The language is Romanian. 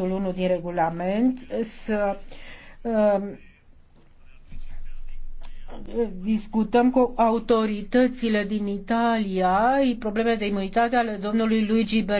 punctul 1 din regulament să um, discutăm cu autoritățile din Italia probleme de imunitate ale domnului Luigi Ber